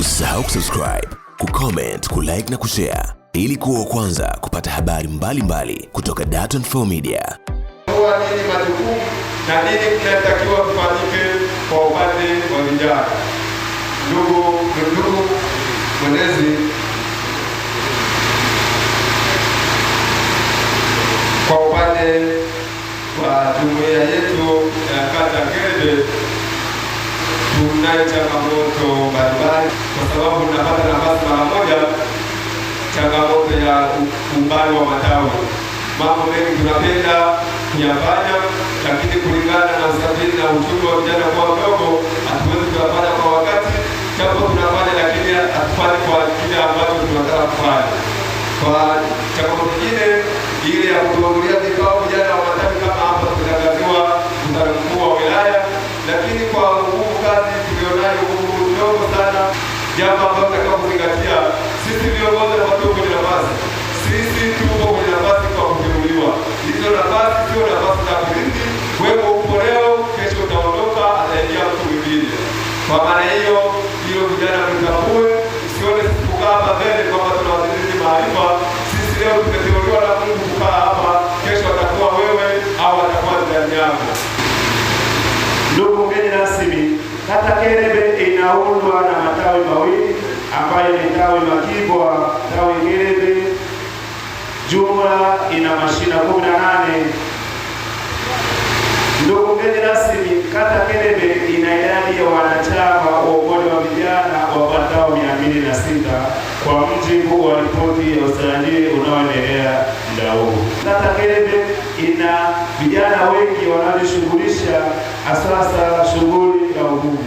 Usisahau kusubscribe, kucomment, kulike na kushare ili kuwa kwanza kupata habari mbalimbali mbali kutoka Dar24 Media. Kwa nini majukumu na nini kinatakiwa kufanyike kwa upande wa vijana? Ndugu ndugu mwenezi, kwa upande wa jumuiya yetu tunayo changamoto mbalimbali, kwa sababu tunapata nafasi mara moja, changamoto ya umbali wa matawi. Mambo mengi tunapenda kuyafanya, lakini kulingana na usafiri na uchumi wa vijana kuwa mdogo, hatuwezi kuyafanya kwa wakati. Jambo tunafanya, lakini hatufanyi kwa kile ambacho tunataka kufanya. Kwa changamoto nyingine ile ya kuhudhuria vikao vijana wa matawi kama hapa tunatangaziwa mkuu wa wilaya kwa nguvu kazi tulionayo huku ndogo sana, jambo ambalo tunataka kuzingatia sisi viongozi na watu kwenye nafasi. Sisi tuko kwenye nafasi kwa kuteuliwa, hizo nafasi sio nafasi za kurithi. Wewe upo leo, kesho utaondoka, ataingia mtu mwingine. Kwa maana hiyo, hilo vijana mtambue, usione sisi hapa mbele kwamba tunawazilizi maarifa. Sisi leo tumeteuliwa na Mungu kukaa hapa, kesho atakuwa wewe au atakuwa jirani yako ndugu Kata Kerebe inaundwa na matawi mawili ambayo ni tawi Makibwa, tawi Kerebe. Jumla ina mashina 18. Ndugu mgeni rasmi, kata Kerebe ina idadi ya wanachama wa umoja wa vijana wapatao 206 kwa mjibu wa ripoti ya usajili unaoendelea mda huu. Kata Kerebe ina vijana wengi wanaojishughulisha asasa shughuli ya uvuvi.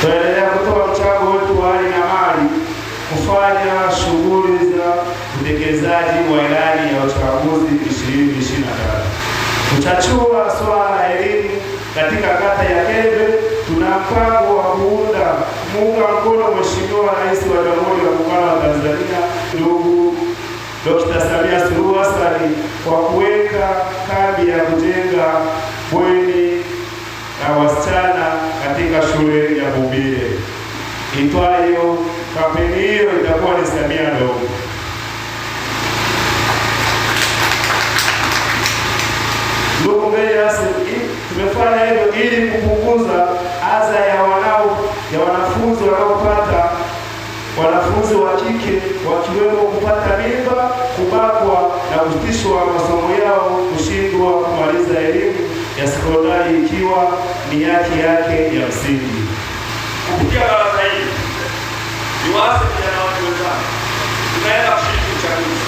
Tunaendelea kutoa mchango wetu wa hali na mali kufanya shughuli za utekelezaji wa ilani ya uchaguzi 2023. Tutachua swala la elimu katika kata ya Kembe. Tuna mpango wa kuunda muunga mkono Mheshimiwa Rais wa Jamhuri ya Muungano wa Tanzania ndugu Dr. Samia Suluhu Hassan kwa kuweka kadi ya kujenga bweni na wasichana katika shule ya Bumbire itwayo. Kampeni hiyo itakuwa ni Samia Ndogo. Ndugu mgeni rasmi, tumefanya hivyo ili kupunguza adha ya wanao ya wanafunzi wanaopata wanafunzi wa sekondari ikiwa ni haki yake ya msingi. Kupitia baraza hili ni waasi vijana watu wenzangu, tunaenda kushiriki uchaguzi.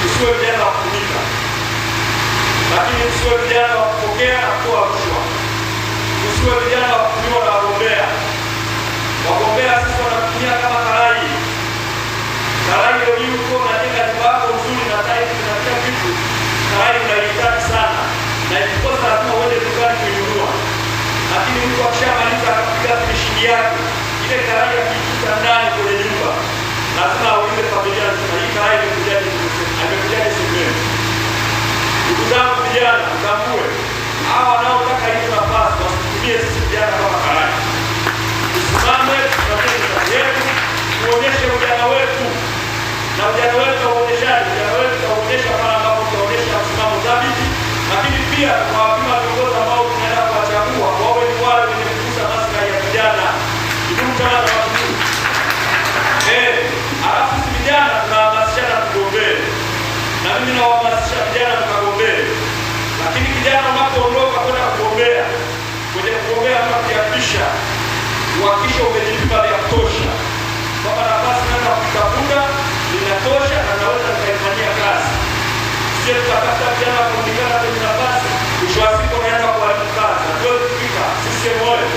Tusiwe vijana wa kutumika, lakini tusiwe vijana wa kupokea na kuwa rushwa. Tusiwe vijana wa kutumiwa na wagombea. Wagombea sisi wanatumia kama karai karai, ndio ulicho umenilipa vya kutosha, kwamba nafasi naenda kutafuta linatosha na naweza nikaifanyia kazi, sio tukapata vijana wakurundikana kwenye nafasi, mwisho wa siku unaenda kuwalipaza tuokifika sisi moyo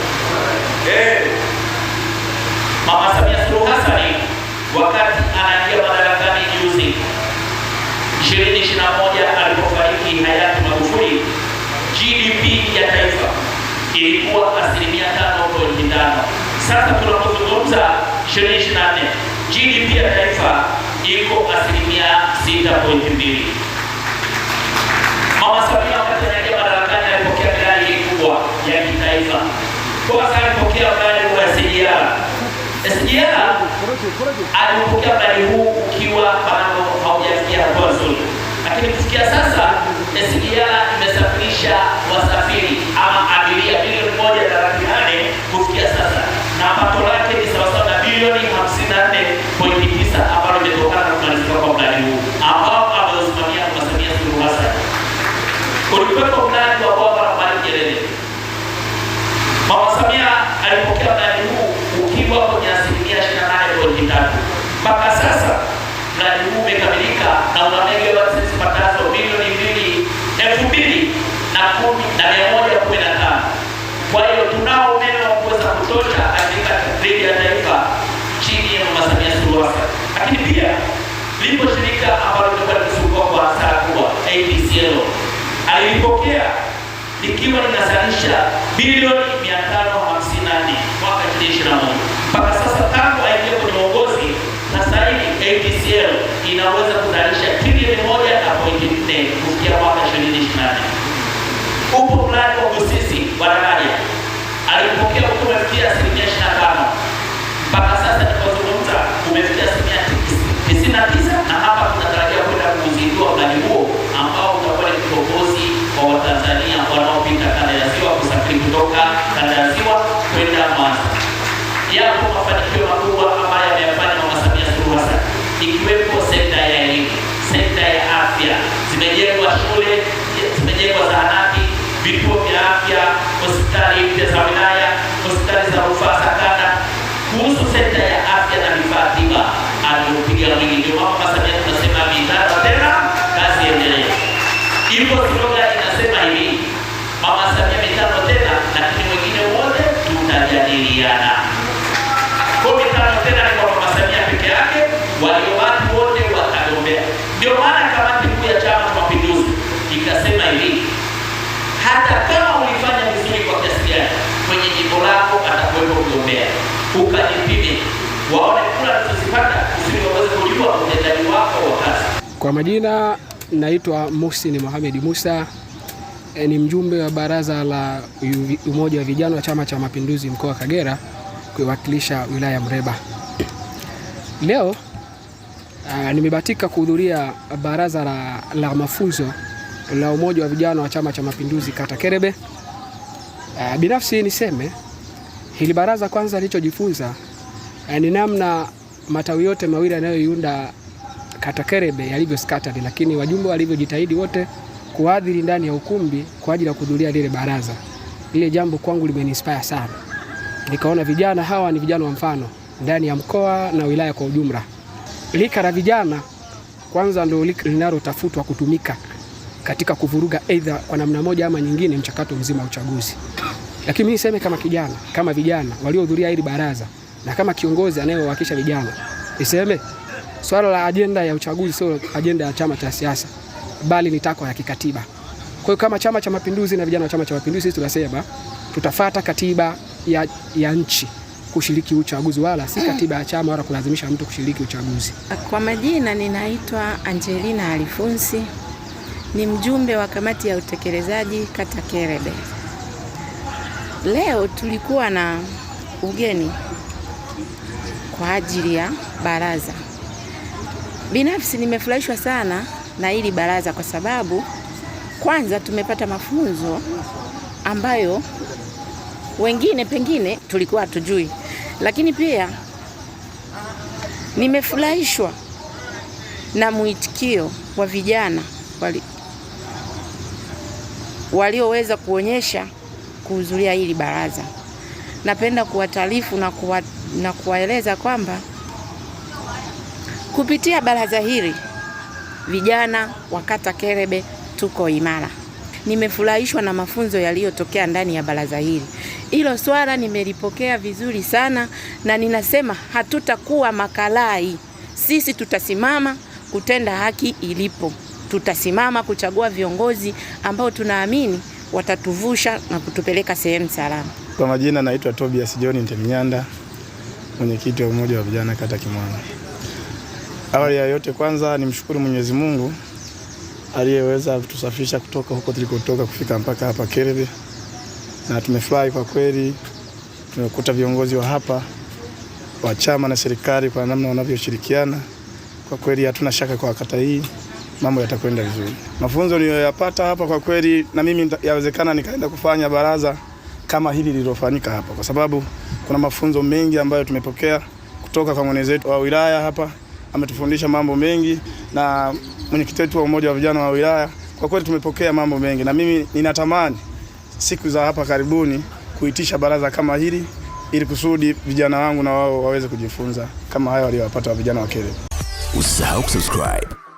eh. Mama Samia Suluhu Hassan wakati anaingia madarakani juzi ishirini ishirini moja alipofariki hayati Magufuli, GDP ya taifa ilikuwa asilimia tano pointi tano sasa tunapozungumza 2024 GDP ya taifa iko asilimia sita pointi mbili. Mama Samia wakati anaingia madarakani alipokea miradi kubwa ya kitaifa. Kwa sababu alipokea mradi wa SGR. SGR alipokea mradi huu ukiwa bado haujafikia hatua nzuri, lakini kufikia sasa SGR imesafirisha wasafiri ama Ulikuwepo mradi wa bwawa la Nyerere. Mama Samia alipokea mradi huu ukiwa kwenye asilimia 28.3. Mpaka sasa mradi huu umekamilika na una hilo linazalisha bilioni 554 mwaka 2021. Mpaka sasa tangu aingia kwenye uongozi, sasa hivi ATCL inaweza kuzalisha trilioni moja na pointi nne kufikia mwaka 2028. Upo mradi wa Busisi wa daraja alipokea kutoka hospitali mpya za wilaya, hospitali za rufaa za kata, kuhusu sekta ya afya na vifaa tiba ameupiga mwingi. Ndio mama Samia tunasema mizara tena kazi endelee, ipo sloga inasema hivi, mama Samia mitano tena, lakini wengine wote tutajadiliana. Kwa mitano tena ni kwa mama Samia peke yake, waliobaki wote watagombea. Ndio maana kamati kuu ya Chama cha Mapinduzi ikasema hivi hata kuwepo kuombea, ukajipime, waone kula nazozipata kusudi waweze kujua utendaji wako wa kazi. Kwa majina naitwa ni Mohamed Musa, e, ni mjumbe wa baraza la umoja wa vijana wa Chama cha Mapinduzi mkoa wa Kagera kuwakilisha wilaya ya Mreba. Leo nimebatika ah, nimebahatika kuhudhuria baraza la, la mafunzo la umoja wa vijana wa Chama cha Mapinduzi kata Kerebe. Uh, binafsi niseme Hili baraza kwanza lilichojifunza ni namna matawi yote mawili yanayoiunda katakerebe yalivyo scattered, lakini wajumbe walivyojitahidi wote kuadhiri ndani ya ukumbi kwa ajili ya kuhudhuria lile baraza. Lile jambo kwangu limeniinspire sana, nikaona vijana hawa ni vijana wa mfano ndani ya mkoa na wilaya kwa ujumla. Lika la vijana kwanza ndio linalotafutwa kutumika katika kuvuruga, aidha kwa namna moja ama nyingine, mchakato mzima wa uchaguzi. Lakini mimi niseme kama kijana, kama vijana waliohudhuria hili baraza na kama kiongozi anayewakilisha vijana, niseme swala la ajenda ya uchaguzi sio ajenda ya chama cha siasa, bali ni takwa ya kikatiba. Kwa hiyo kama Chama cha Mapinduzi na vijana wa Chama cha Mapinduzi, sisi tunasema tutafata katiba ya, ya nchi kushiriki uchaguzi, wala si katiba ya chama wala kulazimisha mtu kushiriki uchaguzi. Kwa majina, ninaitwa Angelina Alifunsi, ni mjumbe wa kamati ya utekelezaji kata Kerebe. Leo tulikuwa na ugeni kwa ajili ya baraza. Binafsi nimefurahishwa sana na hili baraza kwa sababu kwanza tumepata mafunzo ambayo wengine pengine tulikuwa hatujui, lakini pia nimefurahishwa na mwitikio wa vijana wali walioweza kuonyesha kuhudhuria hili baraza. Napenda kuwataarifu na, kuwa, na kuwaeleza kwamba kupitia baraza hili vijana wa kata Kelebe tuko imara. Nimefurahishwa na mafunzo yaliyotokea ndani ya baraza hili. Hilo swala nimelipokea vizuri sana, na ninasema hatutakuwa makalai. Sisi tutasimama kutenda haki ilipo, tutasimama kuchagua viongozi ambao tunaamini watatuvusha na kutupeleka sehemu salama. Kwa majina naitwa Tobias John Ntemnyanda, mwenyekiti wa umoja wa vijana kata Kimwana. Awali ya yote, kwanza nimshukuru Mwenyezi Mungu aliyeweza kutusafisha kutoka huko tulikotoka kufika mpaka hapa Kerebe, na tumefurahi kwa kweli. Tumekuta viongozi wa hapa wa chama na serikali kwa namna wanavyoshirikiana, kwa kweli hatuna shaka kwa kata hii mambo yatakwenda vizuri. Mafunzo niliyoyapata hapa kwa kweli, na mimi yawezekana nikaenda kufanya baraza kama hili lililofanyika hapa, kwa sababu kuna mafunzo mengi ambayo tumepokea kutoka kwa wetu wa wilaya hapa. Ametufundisha mambo mengi na mwenyekiti wetu wa umoja wa vijana wa wilaya, kwa kweli tumepokea mambo mengi, na mimi ninatamani siku za hapa karibuni kuitisha baraza kama hili ili kusudi vijana wangu na wao waweze kujifunza kama hayo waliyowapata wa vijana wa Kelebe. Usisahau kusubscribe